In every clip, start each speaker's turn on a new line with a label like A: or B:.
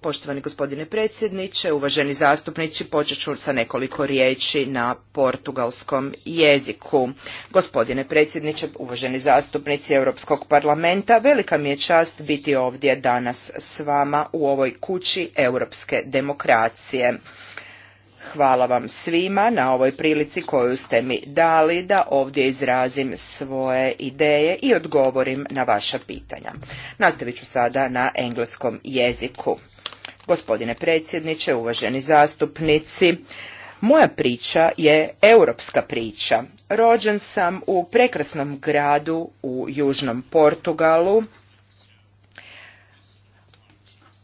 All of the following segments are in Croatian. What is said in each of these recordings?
A: Poštovani gospodine predsjedniče, uvaženi zastupnici, počet ću sa nekoliko riječi na portugalskom jeziku. Gospodine predsjedniče, uvaženi zastupnici Europskog parlamenta, velika mi je čast biti ovdje danas s vama u ovoj kući europske demokracije. Hvala vam svima na ovoj prilici koju ste mi dali da ovdje izrazim svoje ideje i odgovorim na vaša pitanja. Nastavit ću sada na engleskom jeziku. Gospodine predsjedniče, uvaženi zastupnici, moja priča je europska priča. Rođen sam u prekrasnom gradu u južnom Portugalu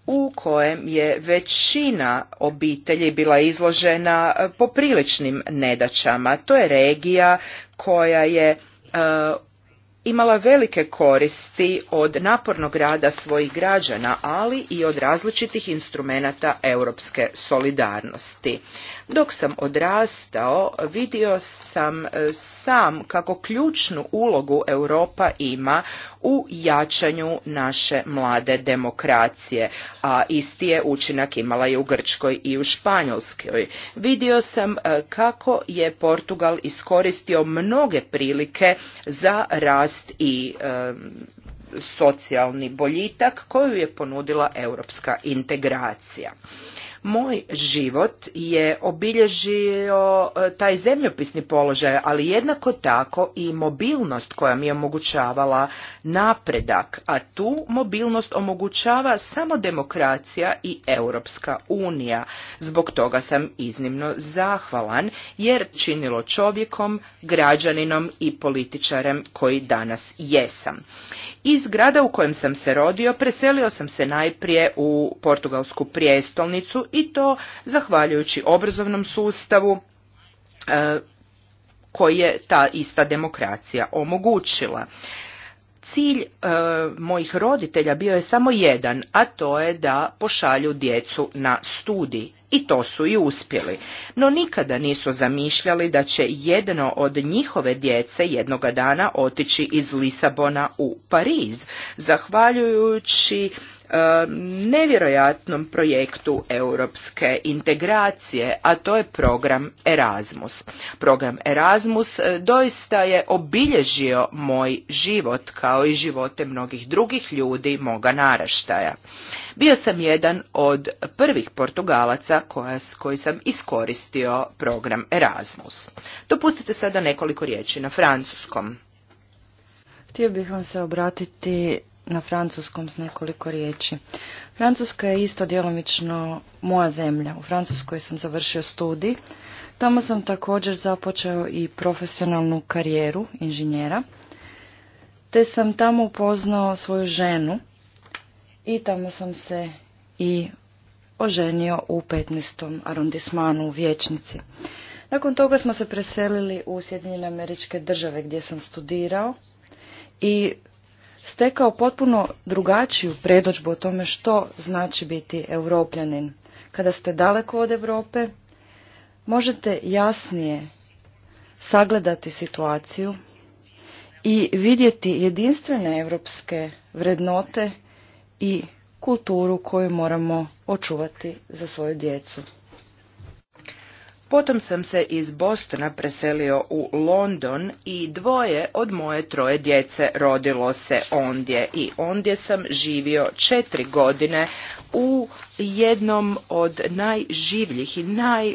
A: u kojem je većina obitelji bila izložena e, popriličnim nedaćama. To je regija koja je e, imala velike koristi od napornog rada svojih građana, ali i od različitih instrumenata europske solidarnosti. Dok sam odrastao, vidio sam e, sam kako ključnu ulogu Europa ima u jačanju naše mlade demokracije, a isti je učinak imala i u Grčkoj i u Španjolskoj. Vidio sam e, kako je Portugal iskoristio mnoge prilike za rast i e, socijalni boljitak koju je ponudila europska integracija. Moj život je obilježio e, taj zemljopisni položaj, ali jednako tako i mobilnost koja mi je omogućavala napredak, a tu mobilnost omogućava samo demokracija i Europska unija. Zbog toga sam iznimno zahvalan jer činilo čovjekom, građaninom i političarem koji danas jesam. Iz grada u kojem sam se rodio preselio sam se najprije u portugalsku prijestolnicu i to zahvaljujući obrazovnom sustavu e, koji je ta ista demokracija omogućila cilj e, mojih roditelja bio je samo jedan a to je da pošalju djecu na studij i to su i uspjeli no nikada nisu zamišljali da će jedno od njihove djece jednoga dana otići iz Lisabona u Pariz zahvaljujući E, nevjerojatnom projektu europske integracije, a to je program Erasmus. Program Erasmus e, doista je obilježio moj život kao i živote mnogih drugih ljudi moga naraštaja. Bio sam jedan od prvih Portugalaca koja, koji sam iskoristio program Erasmus. Dopustite sada nekoliko riječi na francuskom.
B: Htio bih vam se obratiti na francuskom s nekoliko riječi. Francuska je isto djelomično moja zemlja. U Francuskoj sam završio studij. Tamo sam također započeo i profesionalnu karijeru inženjera. Te sam tamo upoznao svoju ženu i tamo sam se i oženio u 15. arondismanu u Vječnici. Nakon toga smo se preselili u Sjedinjene američke države gdje sam studirao i stekao potpuno drugačiju predođbu o tome što znači biti europljanin. Kada ste daleko od Europe, možete jasnije sagledati situaciju i vidjeti jedinstvene europske vrednote i kulturu koju moramo očuvati za svoju djecu. Potom sam se iz
A: Bostona preselio u London i dvoje od moje troje djece rodilo se ondje i ondje sam živio četiri godine u jednom od najživljih i naj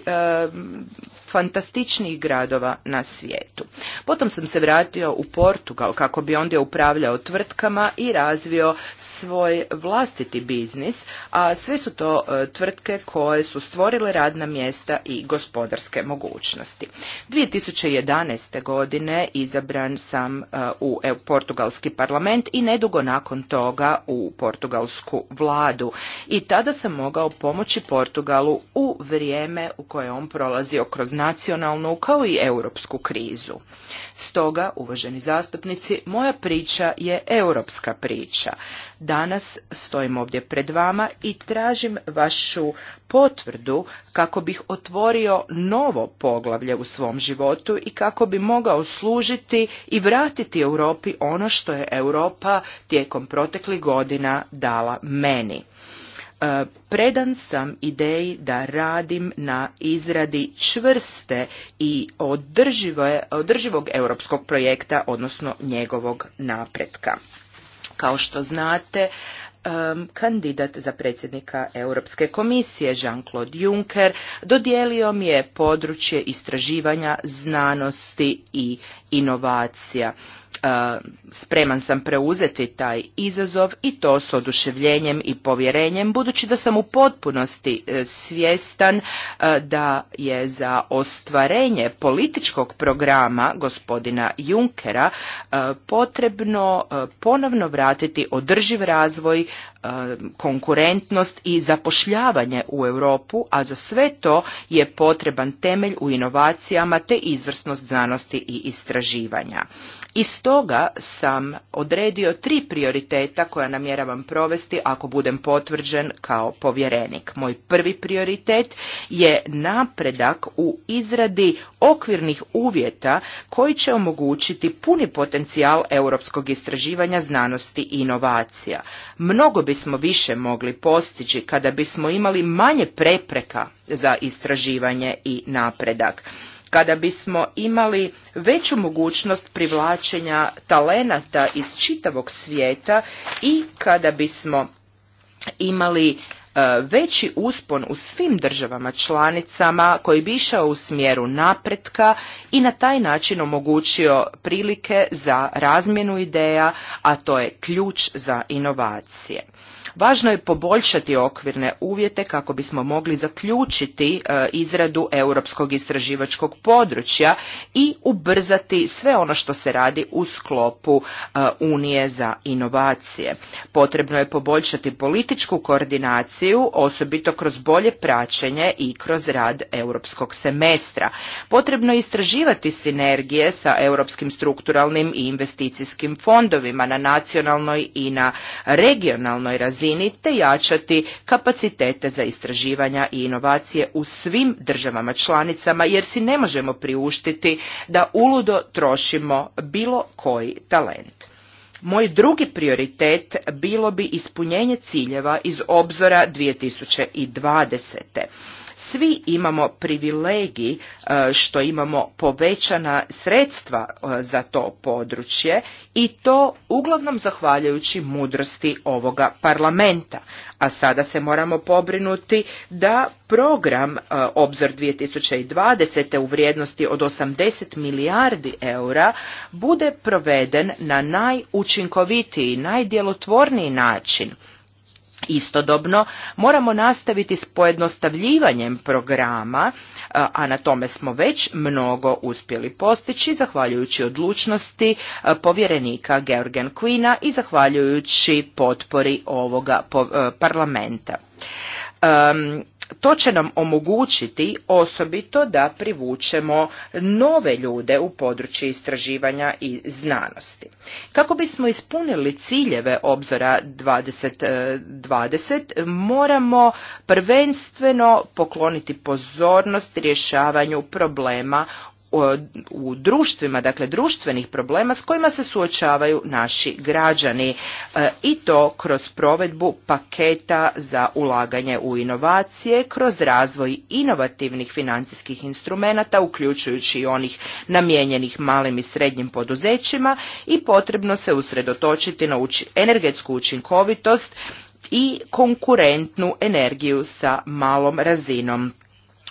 A: fantastičnijih gradova na svijetu. Potom sam se vratio u Portugal kako bi ondje upravljao tvrtkama i razvio svoj vlastiti biznis, a sve su to e, tvrtke koje su stvorile radna mjesta i gospodarske mogućnosti. 2011. godine izabran sam e, u e, portugalski parlament i nedugo nakon toga u portugalsku vladu i tada sam mogao pomoći Portugalu u vrijeme u koje on prolazio kroz nacionalnu kao i europsku krizu. Stoga, uvaženi zastupnici, moja priča je europska priča. Danas stojim ovdje pred vama i tražim vašu potvrdu kako bih otvorio novo poglavlje u svom životu i kako bi mogao služiti i vratiti Europi ono što je Europa tijekom proteklih godina dala meni predan sam ideji da radim na izradi čvrste i održivog europskog projekta, odnosno njegovog napretka. Kao što znate, kandidat za predsjednika Europske komisije Jean-Claude Juncker dodijelio mi je područje istraživanja znanosti i inovacija spreman sam preuzeti taj izazov i to s oduševljenjem i povjerenjem budući da sam u potpunosti e, svjestan e, da je za ostvarenje političkog programa gospodina Junkera e, potrebno ponovno vratiti održiv razvoj konkurentnost i zapošljavanje u Europu, a za sve to je potreban temelj u inovacijama te izvrsnost znanosti i istraživanja. I stoga sam odredio tri prioriteta koja namjeravam provesti ako budem potvrđen kao povjerenik. Moj prvi prioritet je napredak u izradi okvirnih uvjeta koji će omogućiti puni potencijal europskog istraživanja znanosti i inovacija. Mnogo bismo više mogli postići kada bismo imali manje prepreka za istraživanje i napredak kada bismo imali veću mogućnost privlačenja talenata iz čitavog svijeta i kada bismo imali e, veći uspon u svim državama članicama koji bi išao u smjeru napretka i na taj način omogućio prilike za razmjenu ideja, a to je ključ za inovacije. Važno je poboljšati okvirne uvjete kako bismo mogli zaključiti e, izradu europskog istraživačkog područja i ubrzati sve ono što se radi u sklopu e, Unije za inovacije. Potrebno je poboljšati političku koordinaciju, osobito kroz bolje praćenje i kroz rad europskog semestra. Potrebno je istraživati sinergije sa europskim strukturalnim i investicijskim fondovima na nacionalnoj i na regionalnoj razini razini te jačati kapacitete za istraživanja i inovacije u svim državama članicama jer si ne možemo priuštiti da uludo trošimo bilo koji talent. Moj drugi prioritet bilo bi ispunjenje ciljeva iz obzora 2020. Svi imamo privilegij e, što imamo povećana sredstva e, za to područje i to uglavnom zahvaljujući mudrosti ovoga parlamenta. A sada se moramo pobrinuti da program e, Obzor 2020. u vrijednosti od 80 milijardi eura bude proveden na najučinkovitiji, najdjelotvorniji način. Istodobno moramo nastaviti s pojednostavljivanjem programa, a na tome smo već mnogo uspjeli postići, zahvaljujući odlučnosti povjerenika Georgen Quina i zahvaljujući potpori ovoga parlamenta. To će nam omogućiti osobito da privučemo nove ljude u područje istraživanja i znanosti. Kako bismo ispunili ciljeve obzora 2020, eh, moramo prvenstveno pokloniti pozornost rješavanju problema u društvima, dakle društvenih problema s kojima se suočavaju naši građani e, i to kroz provedbu paketa za ulaganje u inovacije, kroz razvoj inovativnih financijskih instrumenata, uključujući i onih namijenjenih malim i srednjim poduzećima i potrebno se usredotočiti na energetsku učinkovitost i konkurentnu energiju sa malom razinom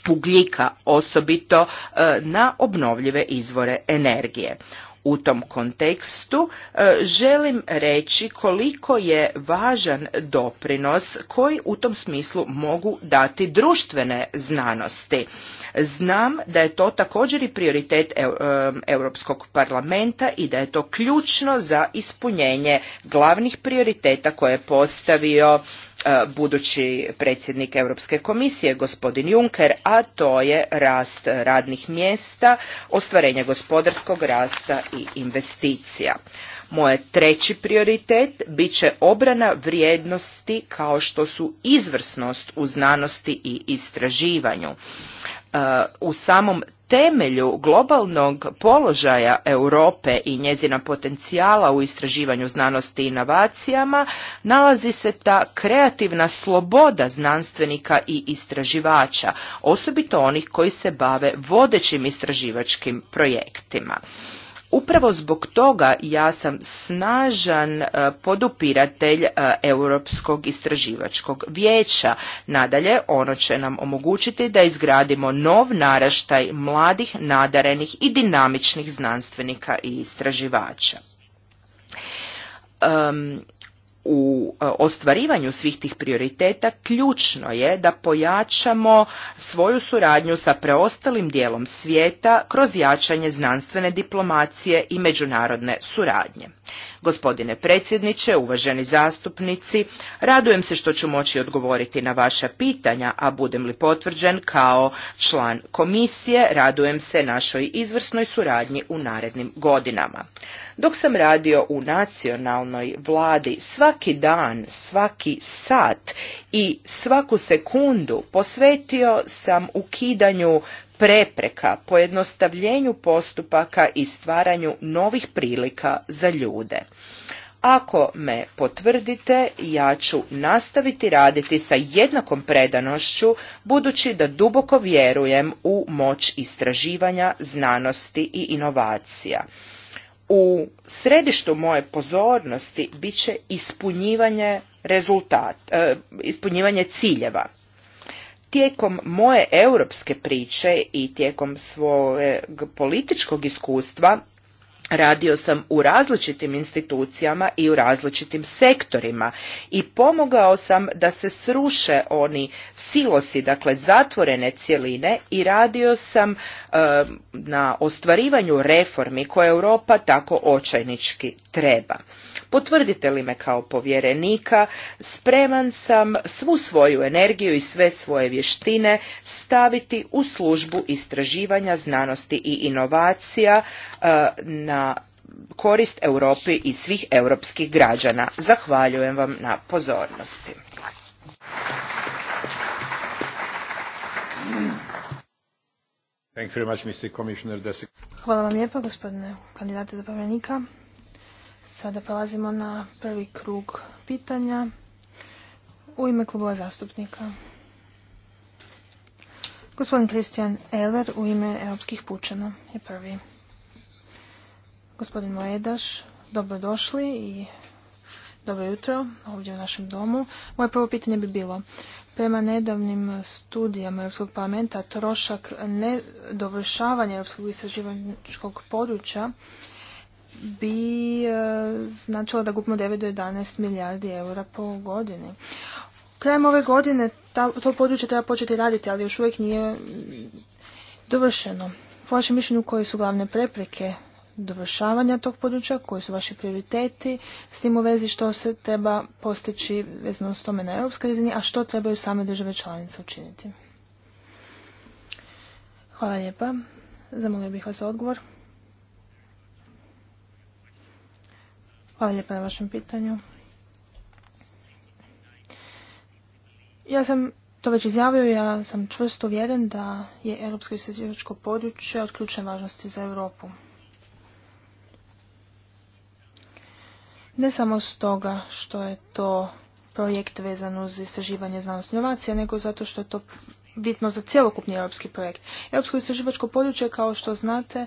A: ugljika, osobito e, na obnovljive izvore energije. U tom kontekstu e, želim reći koliko je važan doprinos koji u tom smislu mogu dati društvene znanosti. Znam da je to također i prioritet e, Europskog parlamenta i da je to ključno za ispunjenje glavnih prioriteta koje je postavio E, budući predsjednik Europske komisije gospodin Juncker, a to je rast radnih mjesta, ostvarenje gospodarskog rasta i investicija. Moje treći prioritet bit će obrana vrijednosti kao što su izvrsnost u znanosti i istraživanju. E, u samom temelju globalnog položaja Europe i njezina potencijala u istraživanju znanosti i inovacijama nalazi se ta kreativna sloboda znanstvenika i istraživača, osobito onih koji se bave vodećim istraživačkim projektima. Upravo zbog toga ja sam snažan e, podupiratelj e, Europskog istraživačkog vijeća. Nadalje, ono će nam omogućiti da izgradimo nov naraštaj mladih, nadarenih i dinamičnih znanstvenika i istraživača u e, ostvarivanju svih tih prioriteta ključno je da pojačamo svoju suradnju sa preostalim dijelom svijeta kroz jačanje znanstvene diplomacije i međunarodne suradnje. Gospodine predsjedniče, uvaženi zastupnici, radujem se što ću moći odgovoriti na vaša pitanja, a budem li potvrđen kao član komisije, radujem se našoj izvrsnoj suradnji u narednim godinama. Dok sam radio u nacionalnoj vladi, svaki dan, svaki sat i svaku sekundu posvetio sam ukidanju prepreka pojednostavljenju postupaka i stvaranju novih prilika za ljude. Ako me potvrdite, ja ću nastaviti raditi sa jednakom predanošću, budući da duboko vjerujem u moć istraživanja, znanosti i inovacija. U središtu moje pozornosti bit će ispunjivanje, rezultat, e, ispunjivanje ciljeva tijekom moje europske priče i tijekom svog političkog iskustva radio sam u različitim institucijama i u različitim sektorima i pomogao sam da se sruše oni silosi dakle zatvorene cjeline i radio sam e, na ostvarivanju reformi koje Europa tako očajnički treba Potvrdite li me kao povjerenika, spreman sam svu svoju energiju i sve svoje vještine staviti u službu istraživanja znanosti i inovacija e, na korist Europi i svih europskih građana. Zahvaljujem vam na pozornosti.
C: Hvala vam lijepa gospodine kandidate za povjerenika. Sada prelazimo na prvi krug pitanja u ime klubova zastupnika. Gospodin Kristijan Eller u ime Europskih pučana je prvi. Gospodin Moedaš, došli i dobro jutro ovdje u našem domu. Moje prvo pitanje bi bilo, prema nedavnim studijama Europskog parlamenta trošak nedovršavanja Europskog istraživačkog područja bi e, značilo da gubimo 9 do 11 milijardi eura po godini. Krajem ove godine to područje treba početi raditi, ali još uvijek nije dovršeno. Po vašem mišljenju koje su glavne prepreke dovršavanja tog područja, koji su vaši prioriteti, s tim u vezi što se treba postići vezano s tome na europskoj razini, a što trebaju same države članice učiniti. Hvala lijepa. Zamolio bih vas za odgovor. Hvala lijepa na vašem pitanju. Ja sam to već izjavio, ja sam čvrsto uvjeren da je europsko istraživačko područje od ključne važnosti za Europu. Ne samo stoga što je to projekt vezan uz istraživanje znanosti inovacija, nego zato što je to bitno za cjelokupni europski projekt. Europsko istraživačko područje, kao što znate,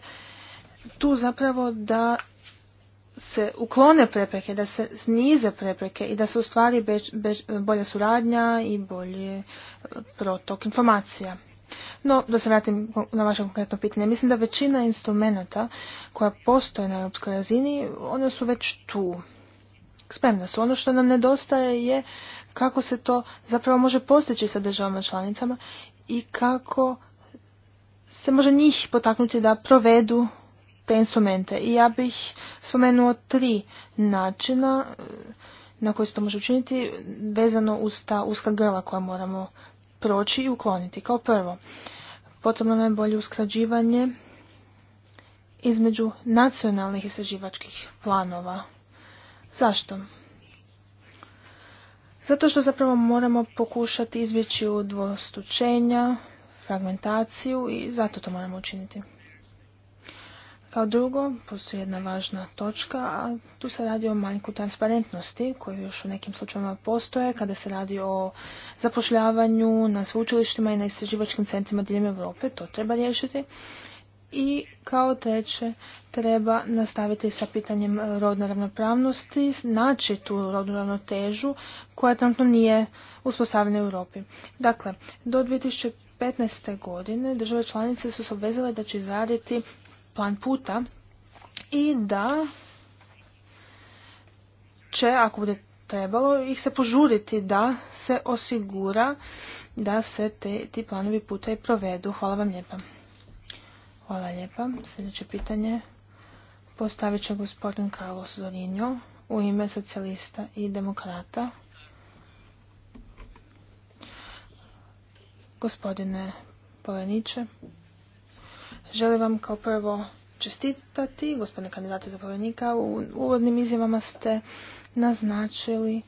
C: tu zapravo da se uklone prepreke, da se snize prepreke i da se ustvari bolja suradnja i bolje protok informacija. No, da se vratim na vaše konkretno pitanje. Mislim da većina instrumenta koja postoje na europskoj razini, one su već tu. Spremna su. Ono što nam nedostaje je kako se to zapravo može postići sa državama članicama i kako se može njih potaknuti da provedu te instrumente. I ja bih spomenuo tri načina e, na koji se to može učiniti vezano uz ta uska grla koja moramo proći i ukloniti. Kao prvo, potrebno nam je bolje usklađivanje između nacionalnih istraživačkih planova. Zašto? Zato što zapravo moramo pokušati izbjeći dvostučenja, fragmentaciju i zato to moramo učiniti. Kao drugo, postoji jedna važna točka, a tu se radi o manjku transparentnosti koji još u nekim slučajevima postoje kada se radi o zapošljavanju na sveučilištima i na istraživačkim centrima diljem Europe, to treba riješiti. I kao treće, treba nastaviti sa pitanjem rodne ravnopravnosti, znači tu rodnu ravnotežu koja trenutno nije uspostavljena u Europi. Dakle, do 2015. godine države članice su se obvezale da će izraditi plan puta i da će, ako bude trebalo, ih se požuriti da se osigura da se te, ti planovi puta i provedu. Hvala vam lijepa. Hvala lijepa. Sljedeće pitanje postavit će gospodin Carlos Zorinjo u ime socijalista i demokrata. Gospodine Poveniče, Želim vam kao prvo čestitati, gospodine kandidate zapovjednika. U uvodnim izjavama ste naznačili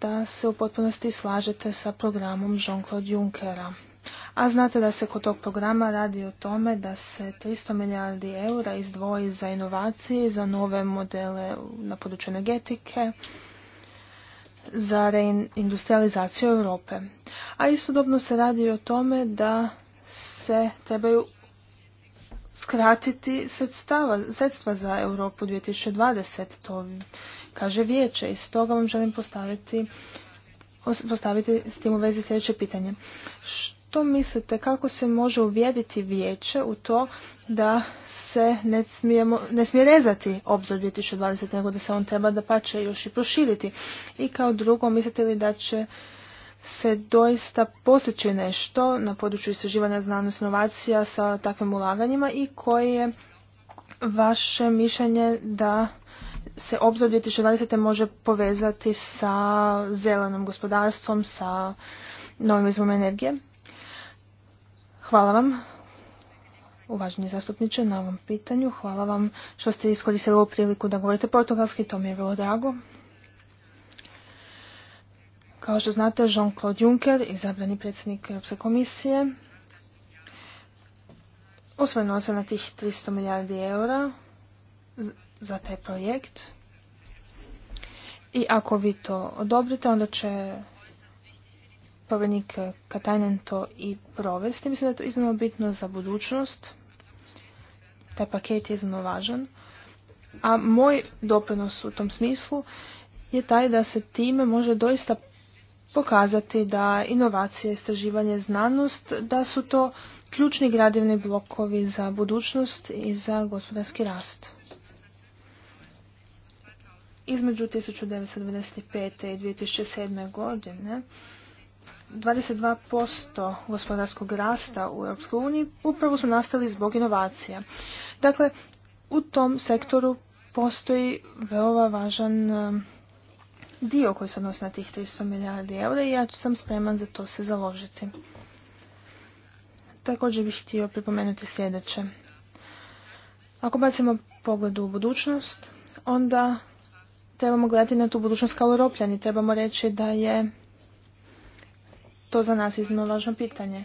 C: da se u potpunosti slažete sa programom Jean-Claude Junckera. A znate da se kod tog programa radi o tome da se 300 milijardi eura izdvoji za inovacije, za nove modele na području energetike, za reindustrializaciju Europe. A istodobno se radi o tome da se trebaju skratiti sredstava, sredstva za Europu 2020, to kaže vijeće i stoga vam želim postaviti, postaviti s tim u vezi sljedeće pitanje. Što mislite kako se može uvjeriti vijeće u to da se ne, smijemo, ne smije rezati obzor 2020, nego da se on treba da pa još i proširiti? I kao drugo, mislite li da će se doista posjeće nešto na području istraživanja znanosti inovacija sa takvim ulaganjima i koje je vaše mišljenje da se obzor 2020. može povezati sa zelenom gospodarstvom, sa novim izvom energije. Hvala vam, uvaženi zastupniče, na ovom pitanju. Hvala vam što ste iskoristili ovu priliku da govorite portugalski, to mi je bilo drago. Kao što znate, Jean-Claude Juncker, izabrani predsjednik Europske komisije, osvrnuo se na tih 300 milijardi eura za taj projekt. I ako vi to odobrite, onda će povjerenik Katajnen to i provesti. Mislim da je to iznimno bitno za budućnost. Taj paket je iznimno važan. A moj doprinos u tom smislu je taj da se time može doista pokazati da inovacije, istraživanje, znanost, da su to ključni gradivni blokovi za budućnost i za gospodarski rast. Između 1995. i 2007. godine 22% gospodarskog rasta u EU upravo su nastali zbog inovacija. Dakle, u tom sektoru postoji veoma važan dio koji se odnosi na tih 300 milijardi eura i ja sam spreman za to se založiti. Također bih htio pripomenuti sljedeće. Ako bacimo pogled u budućnost, onda trebamo gledati na tu budućnost kao europljani. Trebamo reći da je to za nas iznimno važno pitanje.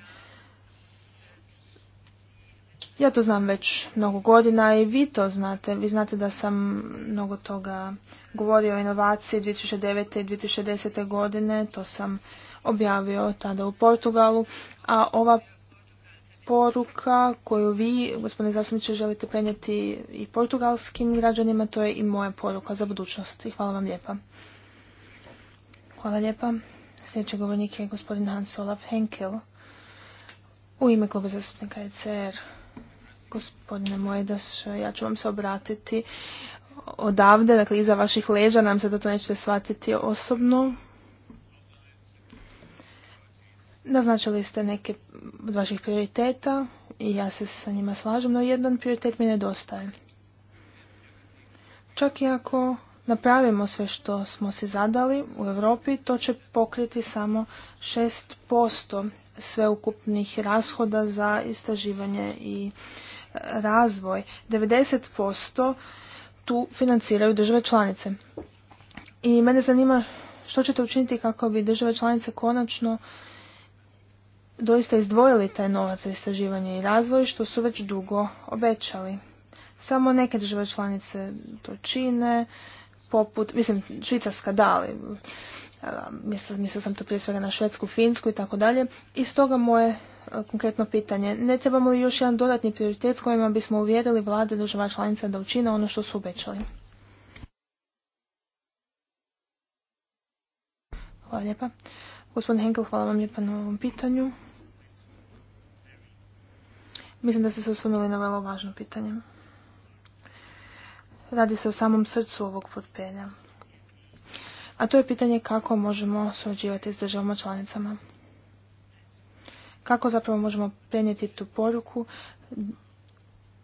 C: Ja to znam već mnogo godina i vi to znate. Vi znate da sam mnogo toga govorio o inovaciji 2009. i 2010. godine. To sam objavio tada u Portugalu. A ova poruka koju vi, gospodine zastupniče, želite prenijeti i portugalskim građanima, to je i moja poruka za budućnost. I hvala vam lijepa. Hvala lijepa. Sljedeći govornik je gospodin Hans Olaf Henkel u ime kluba zastupnika ECR. Gospodine Mojdaš, ja ću vam se obratiti odavde, dakle iza vaših leđa, nam se da to nećete shvatiti osobno. Naznačili ste neke od vaših prioriteta i ja se sa njima slažem, no jedan prioritet mi nedostaje. Čak i ako napravimo sve što smo si zadali u Europi, to će pokriti samo 6% sveukupnih rashoda za istraživanje i razvoj. 90% tu financiraju države članice. I mene zanima što ćete učiniti kako bi države članice konačno doista izdvojili taj novac za istraživanje i razvoj što su već dugo obećali. Samo neke države članice to čine, poput, mislim, Švicarska dali mislio sam tu prije svega na Švedsku, Finsku i tako dalje. I stoga moje e, konkretno pitanje, ne trebamo li još jedan dodatni prioritet s kojima bismo uvjerili vlade država članica da učine ono što su obećali? Hvala lijepa. Gospodin Henkel, hvala vam lijepa na ovom pitanju. Mislim da ste se osvrnuli na vrlo važno pitanje. Radi se o samom srcu ovog portfelja a to je pitanje kako možemo surađivati s državama članicama. Kako zapravo možemo prenijeti tu poruku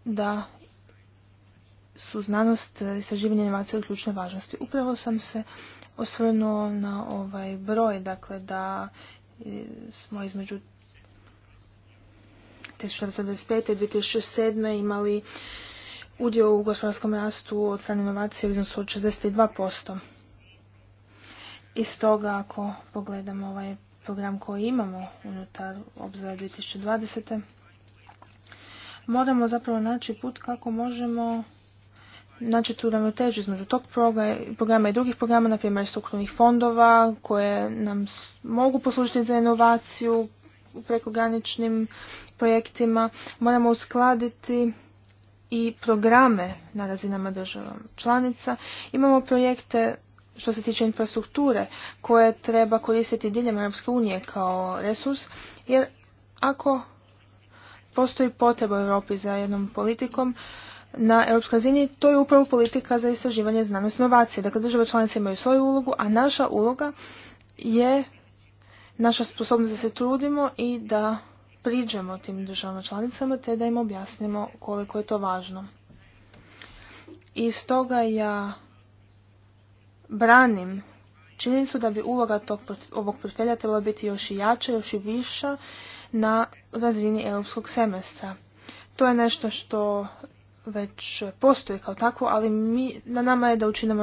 C: da su znanost, i istraživanje inovacije od ključne važnosti. Upravo sam se osvrnuo na ovaj broj, dakle da smo između 1995. i 2007. imali udio u gospodarskom rastu od strane inovacije u iznosu od 62%. I stoga ako pogledamo ovaj program koji imamo unutar obzora 2020. Moramo zapravo naći put kako možemo naći tu ravnotežu između tog programa i drugih programa, na primjer strukturnih fondova koje nam mogu poslužiti za inovaciju u prekograničnim projektima. Moramo uskladiti i programe na razinama država članica. Imamo projekte što se tiče infrastrukture koje treba koristiti diljem Europske unije kao resurs, jer ako postoji potreba u Europi za jednom politikom na europskoj razini, to je upravo politika za istraživanje znanosti inovacije. Dakle, države članice imaju svoju ulogu, a naša uloga je naša sposobnost da se trudimo i da priđemo tim državama članicama te da im objasnimo koliko je to važno. I stoga ja branim činjenicu da bi uloga tog, ovog portfelja trebala biti još i jača, još i viša na razini europskog semestra. To je nešto što već postoji kao takvo, ali mi, na nama je da učinimo